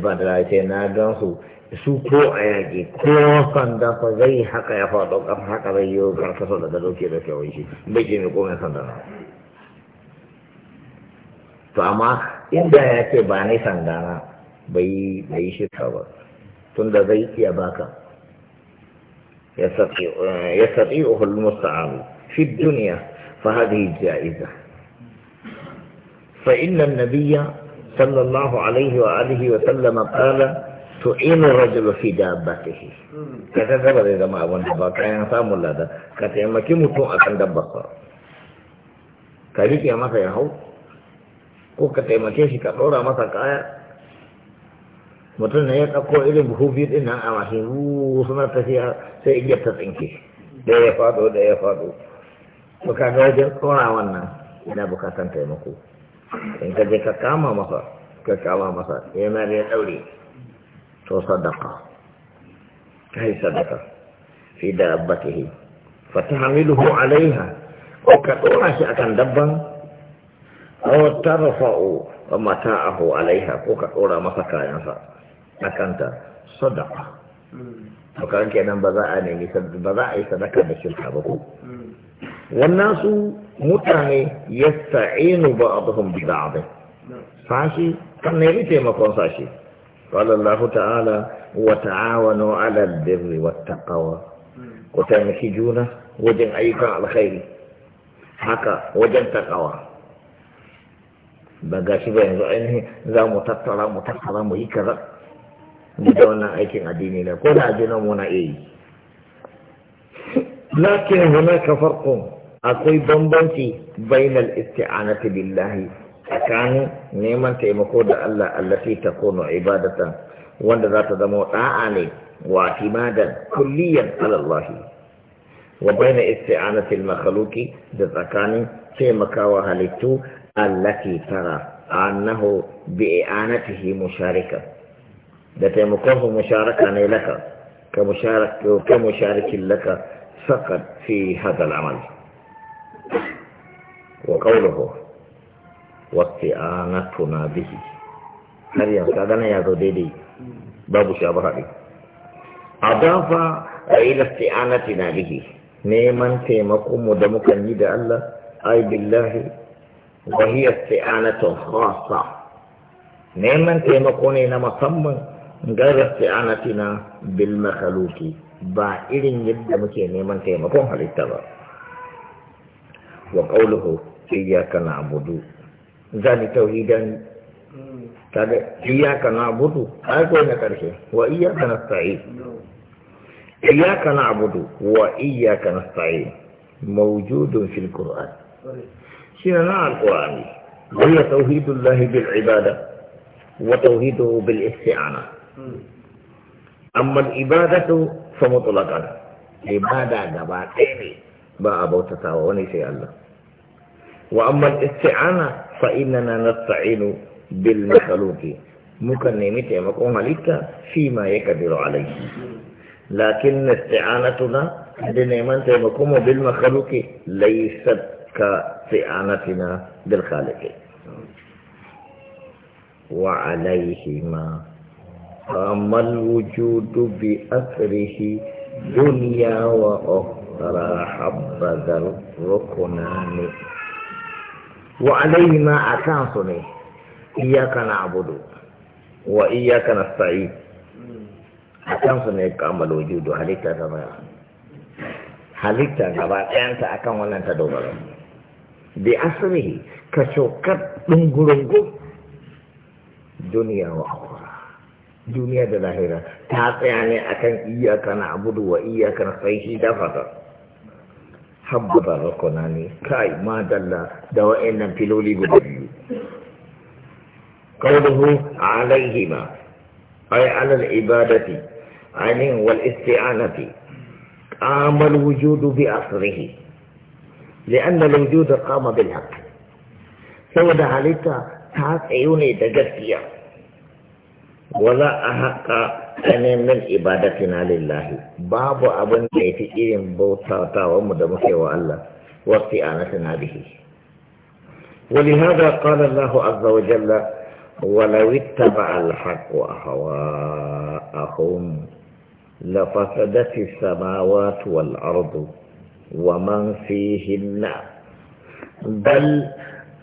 ba da na gan su su ko a yaƙi ko sanda fa zai haka ya faɗo ƙafa haka zai yi ƙar daga doke da kyawun shi bai ke mai komai sanda na to amma inda ya ce ba sanda na bai yi shirka ba tun da zai iya baka ya saƙi uhul musta'alu fi duniya fa hadhihi ja'iza fa inna nabiyya صلى الله عليه وآله وسلم قال تعين الرجل في دابته كذا سبب إذا ما أبون دبا كان سام الله ده كتير ما كم تون أكن دبا صار كذي كم ما سيهاو ko ka taimake shi ka ɗora masa kaya mutum ne ya ɗauko irin buhu biyu ɗin nan a mashi suna tafiya sai iya ta tsinke da ya faɗo da ya faɗo to kaga wajen ɗora wannan yana bukatan taimako in ka je ka kama masa ka kama masa yana da ya daure to sadaka kai sadaka fi Hamilu ko alaiha ko ka ɗora shi akan dabban aw tarfa'u aho alaiha ko ka ɗora masa kayansa akanta sadaka to kan kenan ba za a nemi ba za a yi sadaka da shirka ba ko hmm. wannan su mutane ba yasta'inu ba'dhum a bai. sashi kan ne taimakon sashi qala ta'ala wa ta'awanu 'ala birri wat kawa. ku taimaki juna wajen ayyukan alkhairi haka wajen taqwa ba gashi ba yanzu ainihin za mu tattara mu tattara mu yi kaza da wannan aikin addini ne ko da ajinan mu na iya yi lakin hunaka farko akwai bambanci bainal isti'anati billahi tsakanin neman taimako da Allah allati takunu ibadatan wanda za ta zama da'a ne wa timadan kulliyan ala Allah wa bainal isti'anati al-makhluqi da zakani taimakawa halittu allati tara annahu bi'anatihi musharika da taimakon musharaka ne laka ka musharaka كمشارك كمشارك laka فقط في هذا العمل وقوله واستعانتنا به هل يمكن يا دودي باب شابه أضاف إلى استعانتنا به نيمان تيمكم ودمك نيد الله أي بالله وهي استعانة خاصة نيمان تيمكوني صم غير استعانتنا بالمخلوق ba irin yadda muke neman taimakon halitta وقوله إياك نعبد ذلك توحيدا kaga iyyaka na'budu ai ko na karshe wa iyyaka nasta'in iyyaka na'budu wa iyyaka nasta'in mawjudun fil qur'an shine na alqur'ani huwa tauhidullah bil ibada wa tauhiduhu bil isti'ana amma al ibadatu fa mutlaqan ibada gaba ɗaya ne ba a bautata wa wani sai Allah وأما الاستعانة فإننا نستعين بالمخلوق ممكن نمت يمكن عليك فيما يقدر عليه لكن استعانتنا بنعمة يمكن بالمخلوق ليست كاستعانتنا بالخالق وعليهما فما الوجود بأثره دنيا وأخرى حبذا الركنان wa alaihi ma a kansu ne iyaka na abudu wa iyaka na sa'i a kansu ne kamar wujudu halitta ta baya halitta gaba ɗayanta a kan wannan ta dogara bi asiri ka shokar ɗungurungu duniya wa akwara duniya da lahira ta tsaya ne akan iyaka na abudu wa iyaka na sa'i shi dafa ta. habba rukuna ne kai ma dalla da wa'annan filoli guda biyu qawluhu ma ay ala al-ibadati ainin wal isti'anati qama al-wujudu bi asrihi لأن الوجود قام بالحق سود عليك تعطيوني تجسيا ولا أحق أن من إبادتنا لله باب أبن كيتي إيرين بوتا تاو مدمك الله وصيانتنا به ولهذا قال الله عز وجل ولو اتبع الحق أهواءهم لفسدت السماوات والأرض ومن فيهن بل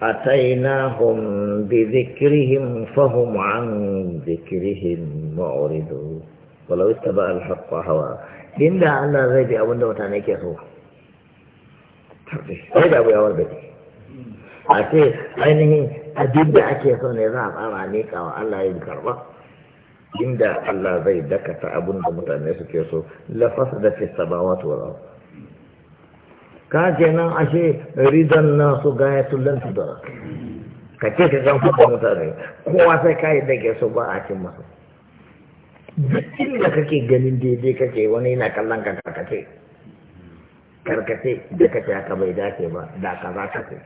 أتيناهم بذكرهم فهم عن ذكرهم معرضون ولو اتبع الحق هوا إن أنا غيبي أو أنه تانيك يا أخوة غيبي أبو أول بيتي أكيد أينه أدب أكي نظام ذاب أرانيك أو الله يذكر بك إن الله زي دكت أبو أنه تانيك يا أخوة لفسدت السماوات والأرض ka nan ashe ridan su gaya tullan da ka ce ka gan fuka mutane kowa sai ka yi dage su ba a cin masa duk inda kake ganin daidai kake wani yana kallon ka karkace karkace da ce haka bai dace ba da ka za ka ce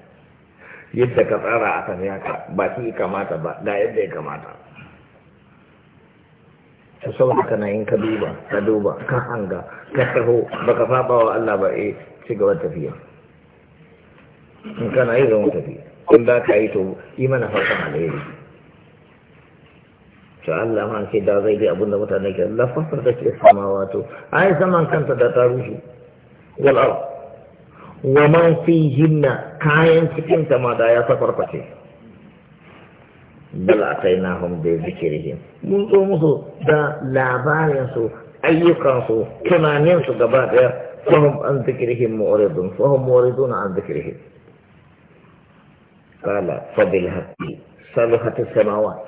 yadda ka tsara a kan haka ba shi kamata ba da yadda ya kamata ta sauka na yin ka duba ka duba ka hanga ka taho baka faɓa wa Allah ba eh ci gaba tafiya in kana yi zama tafiya in ba ka yi to yi mana farkon alheri to Allah ma ke da zai bi abin da mutane ke lafafar da ke samawa to yi zaman kanta da ta rushe wal ard wa man fihinna kayan cikin ta ma da ya safarface بل أتيناهم بذكرهم من أمه دا لعبار ينسو أي قنصو كما ينسو قبات فهم عن ذكرهم مؤردون فهم مؤردون عن ذكرهم قال فبالهد صلحة السماوات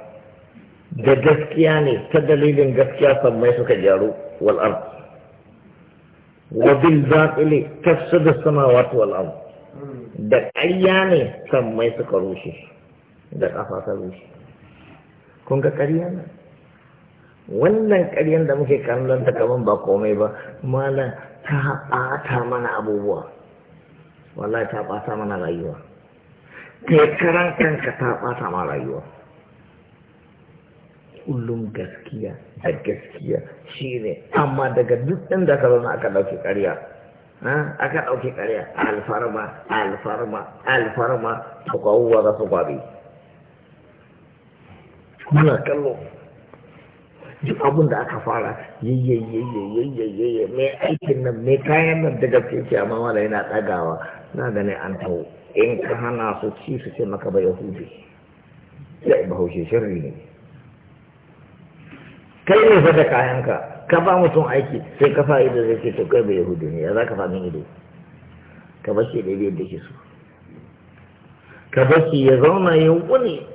دا جسكياني تدليل جسكيا سميسو كجارو والأرض وبالذات تفسد السماوات والأرض دا أياني سميسو كروشي دا أفاسا kun ga ƙarya wannan ƙaryar da muke kallon ta kaman ba komai ba malam ta ɓata mana abubuwa wallahi ta ɓata mana rayuwa Ta yi karan kanka ta ɓata mana rayuwa kullum gaskiya da gaskiya shi ne amma daga duk ɗin da ka zama aka ɗauki ƙarya aka ɗauki ƙarya alfarma alfarma alfarma ta kwawuwa za su muna kallo duk abin da aka fara yayyayyayyayyayyayyayya mai aikin nan mai kayan nan daga fiye amma wala yana tsagawa na gane an taho in ka hana su ci su ce maka ba yahudi ya ba haushe shirri ne kai ne fa da kayanka ka ba mutum aiki sai ka fa ido zai ce to kai ba yahudi ne ya za ka fami ido ka bashi da yadda ke so ka bashi ya zauna ya wuni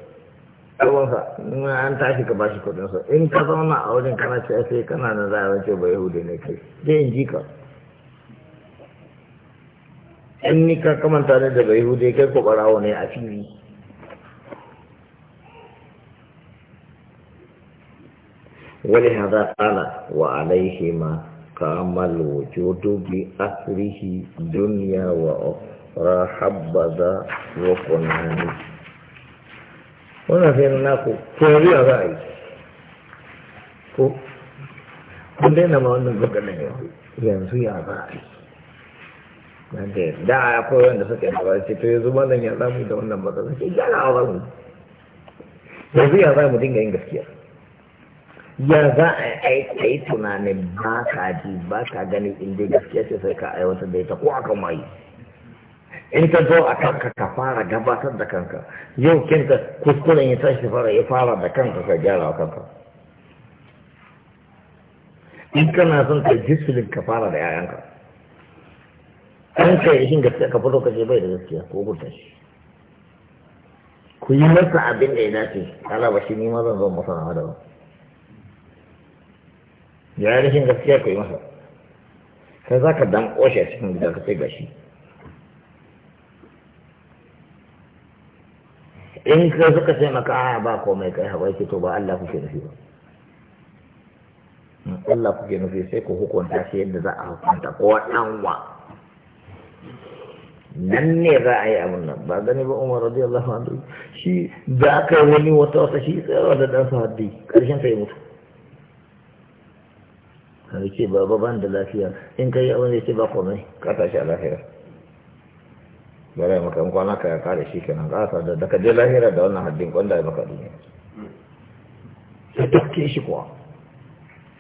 ɗauwansa in an tashi ka bashi sa in ka zauna a wajen kana ce sai kana na zara ce ba yahudi ne kai zai in ji ka in ni ka kamanta ne da bai hude kai ko barawo ne a fili wani hada tsala wa alaihi ma kamal wujudu bi asrihi duniya wa ukhra habbaza wa wannan sai na ku koriya za a yi ko kun daina ma wannan maganin yanzu yanzu ya za a yi wanda da a akwai wanda suka ba ce to yanzu ma nan ya zamu da wannan matsala sai ya na ba mu yanzu ya za mu dinga yin gaskiya ya za a yi tunanin ba ka ji ba ka gani inda gaskiya ce sai ka aiwatar da ita ko akan wayi in ka zo a kanka ka fara gabatar da kanka yau kinka kuskuren ya tashi fara ya fara da kanka ka gyara wa kanka in kana son ka jisulin ka fara da yayanka an ka yi shin gaskiya ka fito ka ce bai da gaskiya ko gurta shi ku yi masa abin da ya dace ba shi nima zan zo masa na ba ya rashin gaskiya ku yi masa kai za ka dan koshe a cikin gida ka sai gashi in ka suka ce maka aya ba komai kai hawa ke to ba Allah kuke nufi ba Allah kuke nufi sai ku hukunta shi yadda za a hukunta ko wa nan ne za a yi abin nan ba gani ba umar radiyallahu anhu shi da aka yi wani wata wata shi tsayarwa da dan haddi karshen sai mutu har ce ba ban da lafiya in ka yi abin da ya ce ba komai ka tashi a lafiya ya maka in kwana ka ya kare shi kenan ƙasa da daga je lahira da wannan haddin kwanda ya maka duniya sai tafke shi kuwa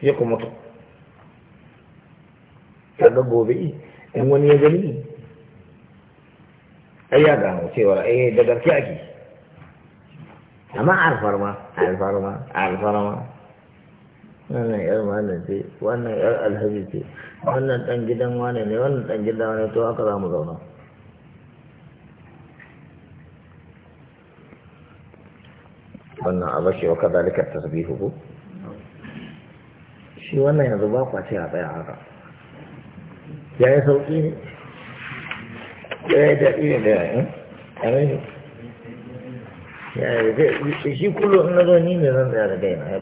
ya ku mutu ga gobe in wani ya gani ai ya gano cewa yi da ke. ake eh, amma alfarma alfarma alfarma wannan yar mana ce wannan yar alhaji ce wannan dan gidan wane ne wannan dan gidan wane to haka za mu zauna wannan abashi wa tasbihu ko shi wannan yanzu ba kwa ce a tsaya haka ya yi sauƙi ne ya yi daɗi ne da yayin ƙarai ya yi zai shi kullum na zo ni ne zan tsaya da gaina